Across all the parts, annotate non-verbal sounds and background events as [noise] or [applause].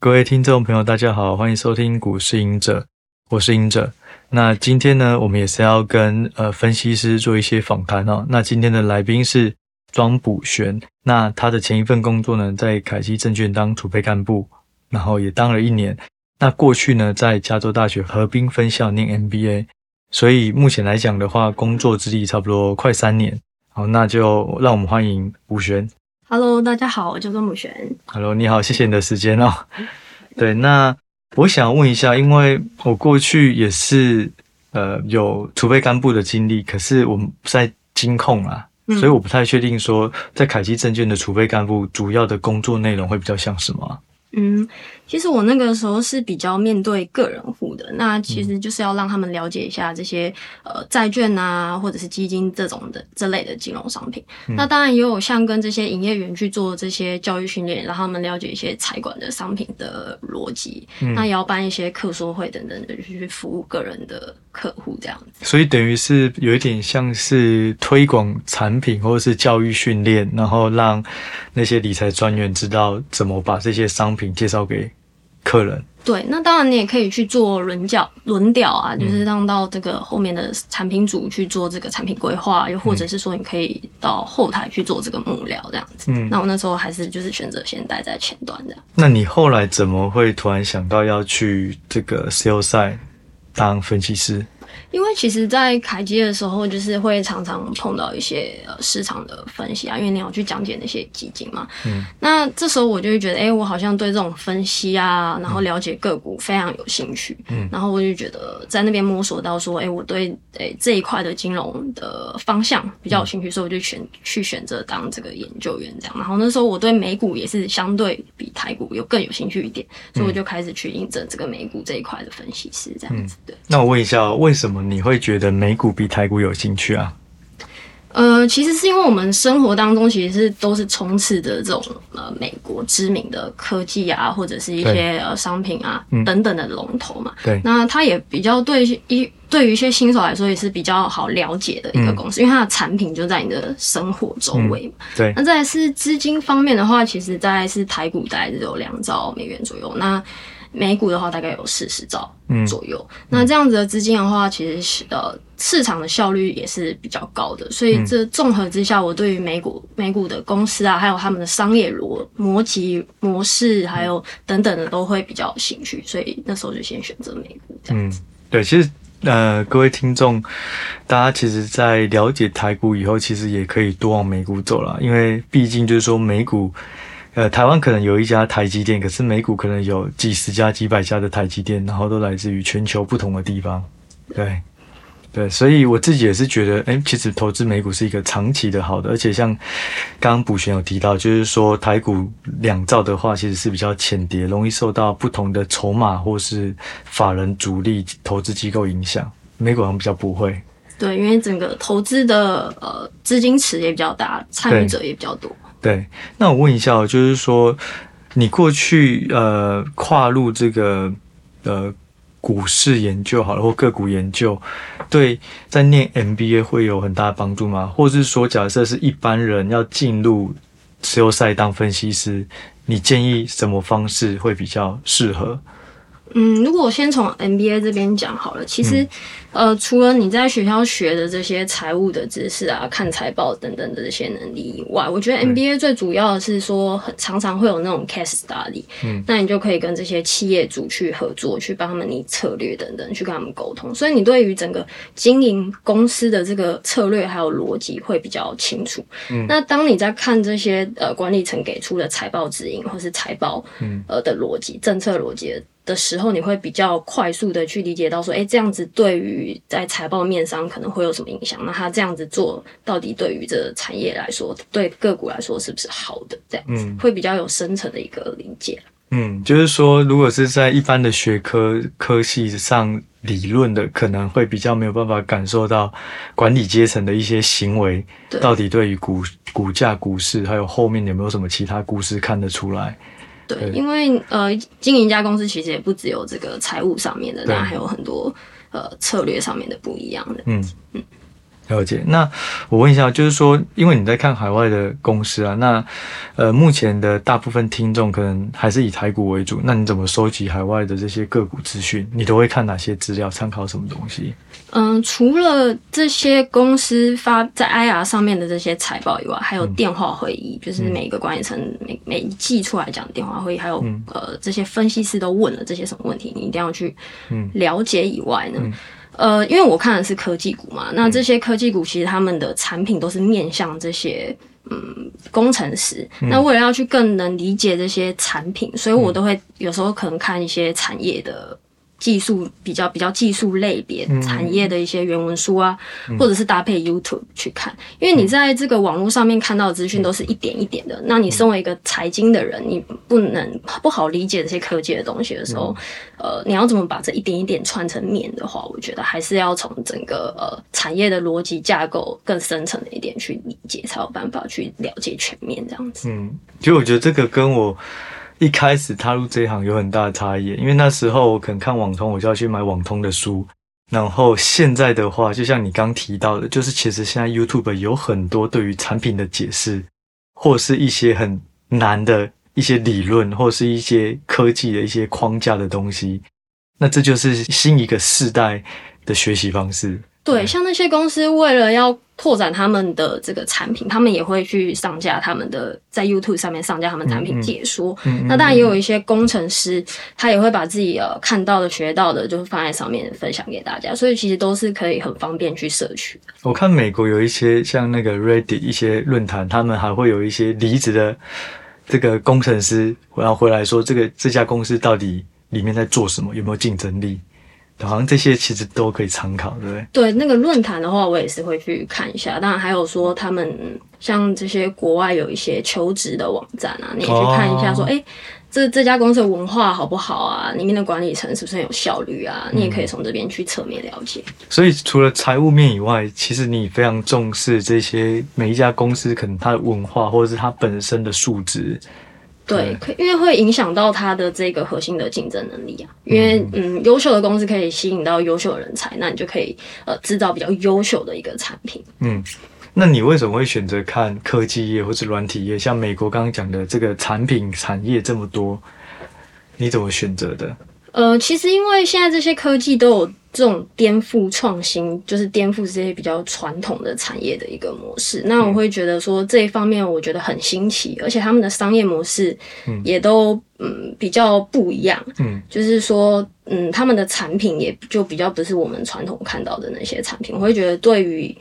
各位聽眾朋友，大家好，歡迎收聽《股市隱者》，我是隱者。那今天呢，我們也是要跟呃分析師做一些訪談哦。那今天的來賓是莊補玄，那他的前一份工作呢，在凱基證券當儲備幹部，然後也當了一年。那過去呢，在加州大學河濱分校念 MBA，所以目前來講的話，工作資歷差不多快三年。好，那就讓我們歡迎補玄。哈嘍大家好，我叫做姆璇。哈嘍你好，謝謝你的時間哦。 [laughs] 對，那我想問一下，因為我過去也是呃有儲備幹部的經歷，可是我們在金控啊，嗯、所以我不太確定說在凱基證券的儲備幹部主要的工作內容會比較像什麼、啊。嗯，其實我那個時候是比較面對個人戶的，那其實就是要讓他們了解一下這些、嗯、呃債券啊，或者是基金這種的這類的金融商品。嗯、那當然也有像跟這些營業員去做這些教育訓練，讓他們了解一些財管的商品的邏輯。嗯、那也要辦一些客說會等等的，就去服務個人的客戶這樣子。所以等於是有一點像是推廣產品或者是教育訓練，然後讓那些理財專員知道怎麼把這些商品品介紹給客人，對，那當然你也可以去做輪調，輪調啊，就是讓到這個後面的產品組去做這個產品規劃，又或者是說你可以到後台去做這個幕僚這樣子。嗯，那我那時候還是就是選擇先待在前端這樣。那你後來怎麼會突然想到要去這個 Sell side 當分析師？因為其實，在凱基的時候，就是會常常碰到一些市場的分析啊，因為你要去講解那些基金嘛。嗯。那這時候我就會覺得，哎、欸，我好像對這種分析啊，然後了解個股非常有興趣。嗯。然後我就覺得，在那邊摸索到說，哎、欸，我對哎、欸、這一塊的金融的方向比較有興趣，嗯、所以我就選去選擇當這個研究員這樣。然後那時候我對美股也是相對比台股有更有興趣一點，所以我就開始去應徵這個美股這一塊的分析師這樣子。的、嗯。對那我問一下，為什麼？你會覺得美股比台股有興趣啊？呃，其實是因為我們生活當中其實是都是充斥著這種呃美國知名的科技啊，或者是一些對呃商品啊、嗯、等等的龍頭嘛。對，那它也比較對一對於一些新手來說也是比較好了解的一個公司，嗯、因為它的產品就在你的生活周圍嘛。嗯、對，那再是資金方面的話，其實在是台股大概只有兩兆美元左右。那美股的話，大概有四十兆左右。嗯、那這樣子的資金的話，嗯、其實呃，市場的效率也是比較高的。所以這綜合之下，嗯、我對於美股、美股的公司啊，還有他們的商業邏邏輯模式，還有等等的，都會比較有興趣。所以那時候就先選擇美股這樣子。子、嗯。對，其實呃，各位聽眾，大家其實，在了解台股以後，其實也可以多往美股走了，因為畢竟就是說美股。呃，台灣可能有一家台積電，可是美股可能有幾十家、幾百家的台積電，然後都來自於全球不同的地方。對，對，所以我自己也是覺得，誒、欸、其實投資美股是一個長期的好的，而且像剛剛補選有提到，就是說台股兩兆的話，其實是比較淺碟，容易受到不同的籌碼或是法人、主力投資機構影響。美股好像比較不會。對，因為整個投資的呃資金池也比較大，參與者也比較多。對，那我問一下，就是說，你過去呃跨入這個呃股市研究好了，或個股研究，對，在念 MBA 會有很大的幫助嗎？或是說，假設是一般人要進入石油賽道當分析師，你建議什麼方式會比較適合？嗯，如果我先從 MBA 這邊講好了，其實，嗯、呃，除了你在學校學的這些財務的知識啊、看財報等等的這些能力以外，我覺得 MBA 最主要的是說，嗯、常常會有那種 case study，嗯，那你就可以跟這些企業主去合作，去幫他們擬策略等等，去跟他們溝通。所以你對於整個經營公司的這個策略還有邏輯會比較清楚。嗯，那當你在看這些呃管理層給出的財報指引或是財報，呃的邏輯、政策邏輯。的時候，你會比較快速的去理解到說，誒，這樣子對於在財報面上可能會有什麼影響？那他這樣子做，到底對於這個產業來說，對個股來說是不是好的？這樣子會比較有深層的一個理解。嗯，就是說，如果是在一般的學科科系上理論的，可能會比較沒有辦法感受到管理階層的一些行為，對到底對於股股價、股市還有後面有沒有什麼其他故事看得出來？對，因為呃，經營一家公司其實也不只有這個財務上面的，當然對還有很多呃策略上面的不一樣的。嗯。嗯了解，那我問一下，就是說，因為你在看海外的公司啊，那呃，目前的大部分聽眾可能還是以台股為主，那你怎麼收集海外的這些個股資訊？你都會看哪些資料？參考什麼東西？嗯、呃，除了這些公司發在 IR 上面的這些財報以外，還有電話會議，嗯、就是每一個管理層每、嗯、每一季出來講的電話會議，還有、嗯、呃，這些分析師都問了這些什麼問題，你一定要去了解以外呢？嗯嗯呃，因為我看的是科技股嘛，嗯、那這些科技股其實他們的產品都是面向這些，嗯，工程師。嗯、那為了要去更能理解這些產品，所以我都會有時候可能看一些產業的，技術比較比較技術類別產業的一些原文書啊，或者是搭配 YouTube 去看，因為你在這個網絡上面看到的資訊都是一點一點的。那你身為一個財經的人，你不能不好理解這些科技的東西的時候，呃，你要怎麼把這一點一點串成面的話，我覺得還是要從整個呃產業的邏輯架構更深層的一點去理解，才有辦法去了解全面這樣子。嗯，其實我覺得這個跟我一開始踏入這一行有很大的差異，因為那時候我可能看網通我就要去買網通的書，然後現在的話，就像你剛提到的，就是其實現在 YouTube 有很多對於產品的解釋，或是一些很難的一些理論，或是一些科技的一些框架的東西，那這就是新一個世代的學習方式。對，像那些公司為了要拓展他們的這個產品，他們也會去上架他們的在 YouTube 上面上架他們的產品解說。嗯嗯、那當然也有一些工程師，嗯、他也會把自己呃看到的學到的，就是放在上面分享給大家。所以其實都是可以很方便去攝取。我看美國有一些像那個 Reddit 一些論壇，他們還會有一些離職的這個工程師，然後回來說這個這家公司到底裡面在做什麼，有沒有競爭力？好像這些其實都可以參考，對不對？對，那個論壇的話，我也是會去看一下。當然，還有說他們像這些國外有一些求職的網站啊，你也去看一下說，說誒、oh. 欸，這這家公司的文化好不好啊？裡面的管理層是不是很有效率啊？嗯、你也可以從這邊去側面了解。所以，除了財務面以外，其實你也非常重視這些每一家公司可能它的文化，或者是它本身的素質。對，因為會影響到它的這個核心的競爭能力啊。因為嗯、嗯，優秀的公司可以吸引到優秀的人才，那你就可以呃製造比較優秀的一個產品。嗯，那你為什麼會選擇看科技業或是軟體業？像美國剛剛講的這個產品產業這麼多，你怎麼選擇的？呃，其實因為現在這些科技都有這種顛覆創新，就是顛覆這些比較傳統的產業的一個模式。那我會覺得說這一方面我覺得很新奇，嗯，而且他們的商業模式也都嗯，嗯，比較不一樣，嗯，就是說。嗯，他們的產品也就比較不是我們傳統看到的那些產品，我會覺得對於，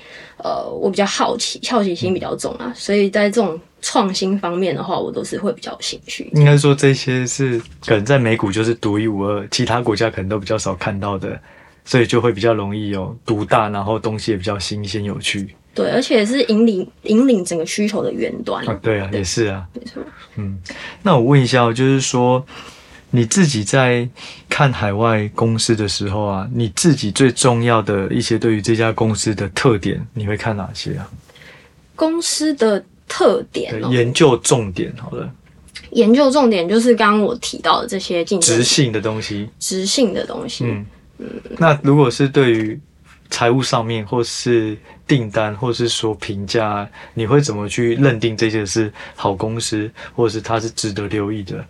呃，我比較好奇，好奇心比較重啊，嗯、所以在這種創新方面的話，我都是會比較有興趣。應該說這些是可能在美股就是獨一無二，其他國家可能都比較少看到的，所以就會比較容易有獨大，然後東西也比較新鮮有趣。對，而且是引領引領整個需求的源端。啊對啊，對也是啊，沒錯。嗯，那我問一下，就是說。你自己在看海外公司的時候啊，你自己最重要的一些對於這家公司的特點，你會看哪些啊？公司的特點，哦，研究重點好了，好的，嗯，研究重點就是剛剛我提到的這些競爭性的東西，直性的東西，嗯嗯。嗯，那如果是對於財務上面，或是訂單，或是說評價，你會怎麼去認定這些是好公司，嗯、或者是它是值得留意的？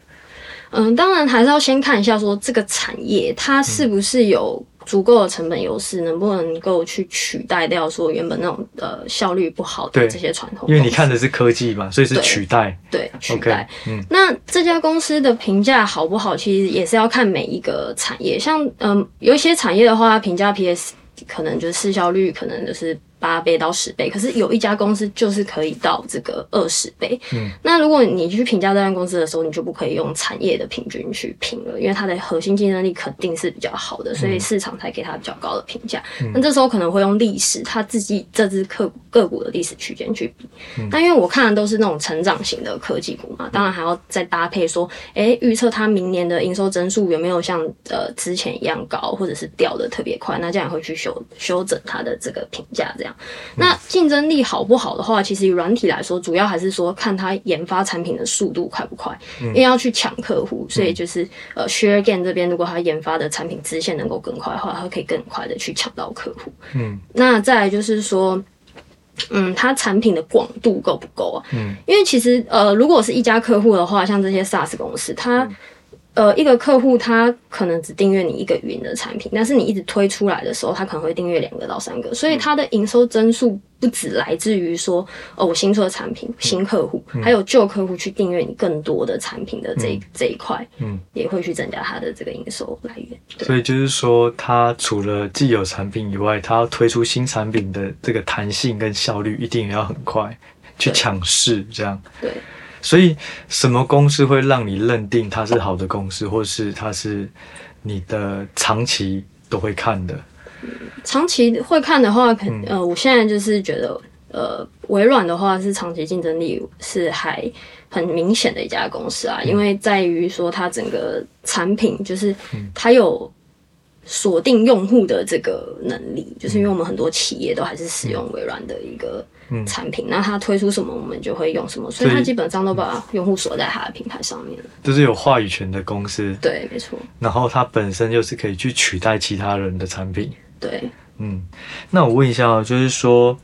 嗯，當然還是要先看一下，說這個產業它是不是有足夠的成本優勢，嗯、能不能夠去取代掉說原本那種呃效率不好的這些傳統對。因為你看的是科技嘛，所以是取代。對，對，取代。嗯，Okay，那這家公司的評價好不好，其實也是要看每一個產業。像嗯，有一些產業的話，它評價 P S 可能就是市銷率，可能就是。八倍到十倍，可是有一家公司就是可以到這個二十倍。嗯、那如果你去評價這家公司的時候，你就不可以用產業的平均去評了，因為它的核心競爭力肯定是比較好的，所以市場才給它比較高的評價。嗯、那這時候可能會用歷史它自己這支股個股的歷史區間去比。那、嗯、因為我看的都是那種成長型的科技股嘛，當然還要再搭配說，哎、欸，預測它明年的營收增速有沒有像呃之前一樣高，或者是掉的特別快，那這樣也會去修修整它的這個評價這樣。嗯、那競爭力好不好的話，其實以軟體來說，主要還是說看它研發產品的速度快不快，因為要去搶客戶，嗯、所以就是呃，ShareGain 這邊如果它研發的產品支線能夠更快的話，它可以更快的去搶到客戶。嗯，那再來就是說，嗯，它產品的廣度夠不夠啊？嗯，因為其實呃，如果是一家客戶的話，像這些 SaaS 公司，它呃，一個客戶他可能只訂閱你一個雲的產品，但是你一直推出來的時候，他可能會訂閱兩個到三個，所以他的營收增速不只來自於說，嗯、哦，我新出的產品、新客戶，嗯、還有舊客戶去訂閱你更多的產品的這、嗯、這一塊，嗯，也會去增加他的這個營收來源。所以就是說，他除了既有產品以外，他要推出新產品的這個彈性跟效率一定也要很快，去搶市。這樣。對。對所以，什麼公司會讓你認定它是好的公司，或是它是你的長期都會看的？長期會看的話，嗯、呃，我現在就是覺得，呃，微軟的話是長期競爭力是還很明顯的一家公司啊，嗯、因為在於說它整個產品就是它有鎖定用戶的這個能力，嗯、就是因為我們很多企業都還是使用微軟的一個。嗯，產品，那他推出什麼，我們就會用什麼，所以,所以他基本上都把用戶鎖在他的平台上面了。嗯，就是有話語權的公司，對，沒錯。然後他本身就是可以去取代其他人的產品，對，嗯。那我問一下喔，就是說，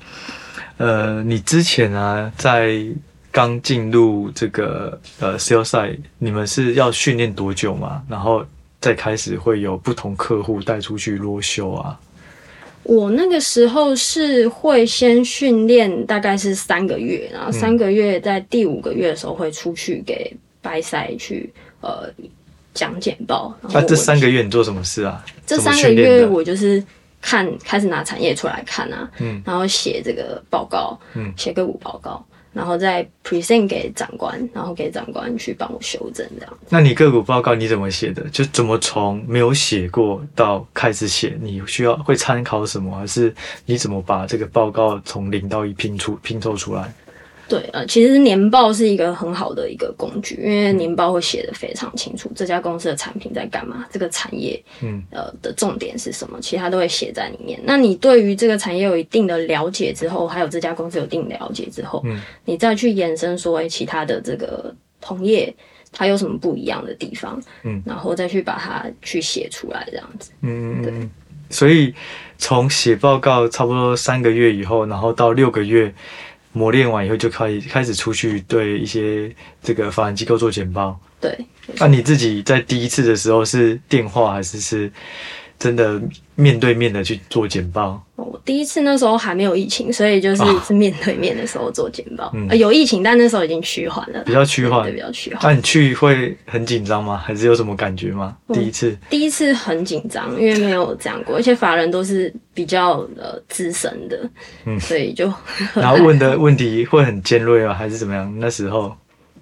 呃，你之前啊，在剛進入這個呃 sell side, 你們是要訓練多久嘛？然後再開始會有不同客戶帶出去裸秀啊？我那個時候是會先訓練，大概是三個月，然後三個月、嗯、在第五個月的時候會出去給 buy side 去呃講簡報。那、啊、這三個月你做什麼事啊？這三個月我就是看開始拿產業出來看啊，嗯，然後寫這個報告，嗯，寫個五報告。然後再 present 給長官，然後給長官去幫我修正這樣。那你個股報告你怎麼寫的？就怎麼從沒有寫過到開始寫？你需要會參考什麼，還是你怎麼把這個報告從零到一拼出拼湊出來？對呃，其實年報是一個很好的一個工具，因為年報會寫得非常清楚這家公司的產品在幹嘛，這個產業嗯呃的重點是什麼，嗯、其他都會寫在裡面。那你對於這個產業有一定的了解之後，還有這家公司有一定了解之後，嗯，你再去延伸，說誒其他的這個同業它有什麼不一樣的地方，嗯，然後再去把它去寫出來這樣子，嗯，對。所以從寫報告差不多三個月以後，然後到六個月。磨練完以後，就可以開始出去對一些這個法人機構做簡報。對，那、就是啊、你自己在第一次的時候是電話還是是？真的面對面的去做簡報，哦。我第一次那時候還沒有疫情，所以就是，啊、是面對面的時候做簡報。嗯呃、有疫情，但那時候已經虛幻了，比較趨緩，比較趨緩。那你去會很緊張嗎？還是有什麼感覺嗎？嗯、第一次，嗯，第一次很緊張，因為沒有講過，而且法人都是比較呃資深的，嗯、所以就然後問的問題會很尖銳啊，還是怎麼樣？那時候，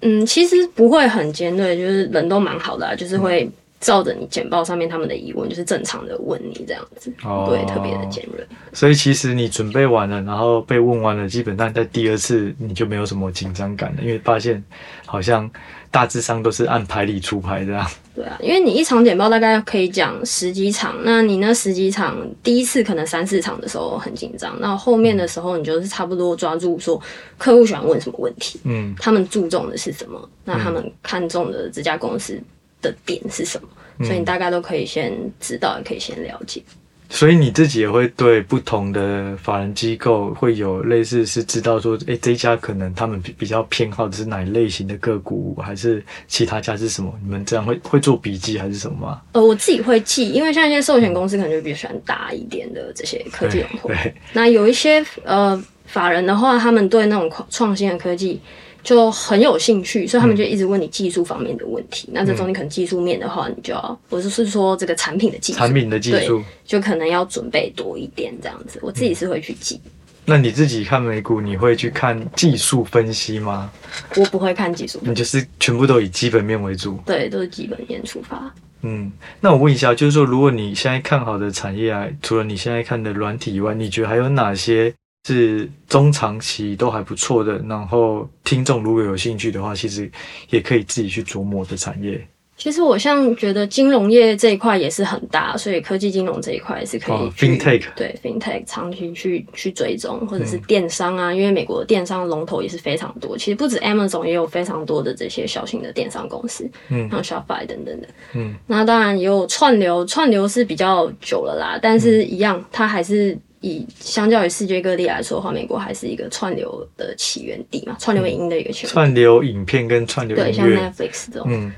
嗯，其實不會很尖銳，就是人都蠻好的，啊，就是會、嗯。照着你簡報上面他們的疑問，就是正常的問你這樣子，哦、對，特別的尖銳。所以其實你準備完了，然後被問完了，基本上在第二次你就沒有什麼緊張感了，因為發現好像大致上都是按牌理出牌這樣、啊。對啊，因為你一場簡報大概可以講十幾場，那你那十幾場第一次可能三四場的時候很緊張，那後面的時候你就是差不多抓住說客戶喜歡問什麼問題，嗯，他們注重的是什麼，那他們看中的這家公司。的點是什麼？所以你大概都可以先知道，嗯、也可以先了解。所以你自己也會對不同的法人機構會有類似是知道說，誒、欸，這一家可能他們比比較偏好的是哪一類型的個股，還是其他家是什麼？你們這樣會會做筆記還是什麼嗎？呃，我自己會記，因為像一些壽險公司可能就比較喜歡大一點的這些科技股。對，那有一些呃法人的話，他們對那種創新的科技。就很有興趣，所以他們就一直問你技術方面的問題。嗯、那這中間可能技術面的話，你就要，我就是說這個產品的技術，產品的技術，就可能要準備多一點這樣子。我自己是會去記。嗯、那你自己看美股，你會去看技術分析嗎？我不會看技術分析，你就是全部都以基本面為主。對，都、就是基本面出發。嗯，那我問一下，就是說，如果你現在看好的產業啊，除了你現在看的軟體以外，你覺得還有哪些？是中長期都還不錯的，然後聽眾如果有興趣的話，其實也可以自己去琢磨的產業。其實我像覺得金融業這一塊也是很大，所以科技金融這一塊是可以。哦、FinTech，對，FinTech 長期去去追蹤，或者是電商啊，嗯、因為美國的電商龍頭也是非常多。其實不止 Amazon 也有非常多的這些小型的電商公司，嗯，像 Shopify 等等的，嗯，那當然也有串流，串流是比較久了啦，但是一樣，嗯、它還是。以相較於世界各地來說的話，美國還是一個串流的起源地嘛，串流影音，音的一個起源，嗯。串流影片跟串流音樂，對，像 Netflix 這種。嗯、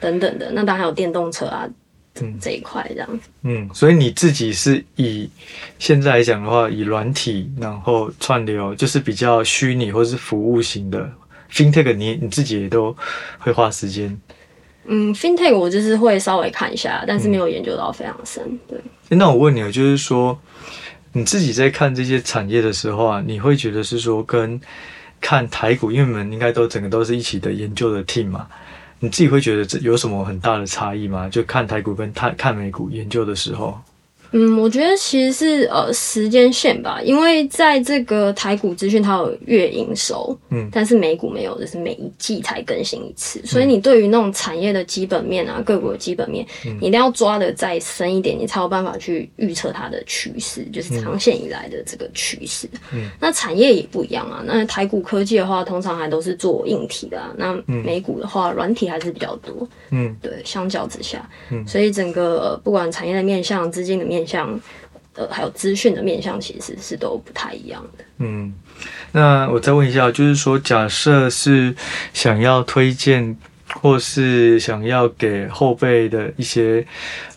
等等的，那當然還有電動車啊，嗯、這一塊這樣。嗯，所以你自己是以現在來講的話，以軟體然後串流就是比較虛擬或是服務型的，FinTech 你你自己也都會花時間。嗯，FinTech 我就是會稍微看一下，但是沒有研究到非常深。對。嗯欸、那我問你啊，就是說。你自己在看這些產業的時候啊，你會覺得是說跟看台股，因為你們應該都整個都是一起的研究的 team 嘛，你自己會覺得這有什麼很大的差異嗎？就看台股跟看看美股研究的時候？嗯，我覺得其實是呃時間線吧，因為在這個台股資訊它有月營收，嗯，但是美股沒有，就是每一季才更新一次，嗯、所以你對於那種產業的基本面啊，個股的基本面，嗯、你一定要抓的再深一點，你才有辦法去預測它的趨勢，就是長線以來的這個趨勢。嗯，那產業也不一樣啊，那台股科技的話，通常還都是做硬體的、啊，那美股的話，軟體還是比較多。嗯，對，相較之下，嗯，所以整個、呃、不管產業的面向，資金的面向，面向呃，還有資訊的面向，其實是都不太一樣的。嗯，那我再問一下，就是說，假設是想要推薦，或是想要給後輩的一些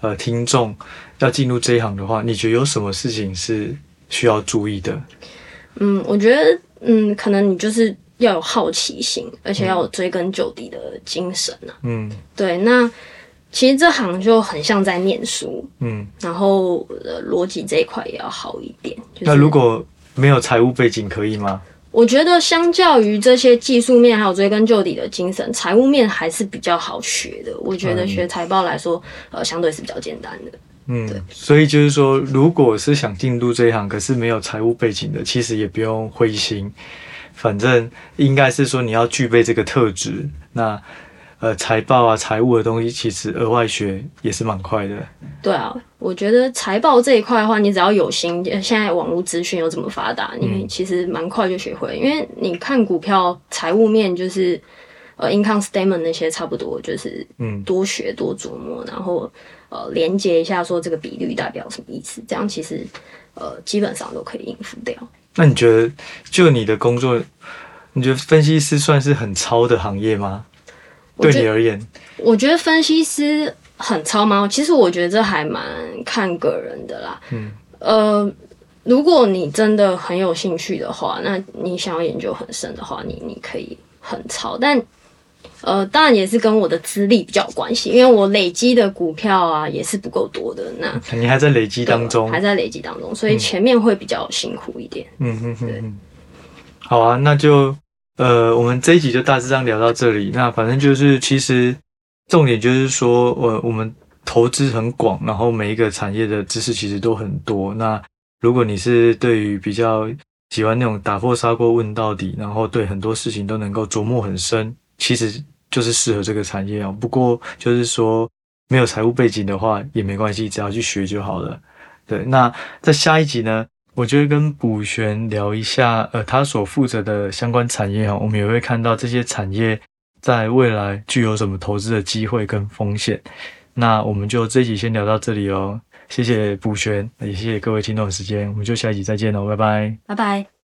呃聽眾要進入這一行的話，你覺得有什麼事情是需要注意的？嗯，我覺得，嗯，可能你就是要有好奇心，而且要有追根究底的精神呢啊。嗯，對，那。其實這行就很像在念書，嗯，然後、呃、邏輯這一塊也要好一點。就是、那如果沒有財務背景可以嗎？我覺得相較於這些技術面，還有追根究底的精神，財務面還是比較好學的。我覺得學財報來說，嗯、呃，相對是比較簡單的。嗯，對。所以就是說，如果是想進入這一行，可是沒有財務背景的，其實也不用灰心，反正應該是說你要具備這個特質。那。呃，財報啊，財務的東西，其實額外學也是蠻快的。對啊，我覺得財報這一塊的話，你只要有心，現在網絡資訊又這麼發達，嗯、你其實蠻快就學會。因為你看股票財務面，就是呃，income statement 那些差不多，就是嗯，多學多琢磨，嗯、然後呃，連接一下說這個比率代表什麼意思，這樣其實呃，基本上都可以應付掉。那你覺得就你的工作，你覺得分析師算是很操的行業嗎？對你而言，我覺得分析師很操嗎？其實我覺得這還蠻看個人的啦。嗯，呃，如果你真的很有興趣的話，那你想要研究很深的話，你你可以很操。但，呃，當然也是跟我的資歷比較有關係，因為我累積的股票啊也是不夠多的。那肯定還在累積當中，還在累積當中，所以前面會比較辛苦一點。嗯對嗯嗯，好啊，那就。呃，我們這一集就大致上聊到這裡。那反正就是，其實重點就是說，我、呃、我們投資很廣，然後每一個產業的知識其實都很多。那如果你是對於比較喜歡那種打破砂鍋問到底，然後對很多事情都能夠琢磨很深，其實就是適合這個產業啊、哦。不過就是說，沒有財務背景的話也沒關係，只要去學就好了。對，那在下一集呢？我就會跟卜懸聊一下，呃，他所負責的相關產業哈、哦，我們也會看到這些產業在未來具有什麼投資的機會跟風險。那我們就這一集先聊到這裡哦，謝謝卜懸，也謝謝各位聽眾的時間，我們就下一集再見嘍，拜拜，拜拜。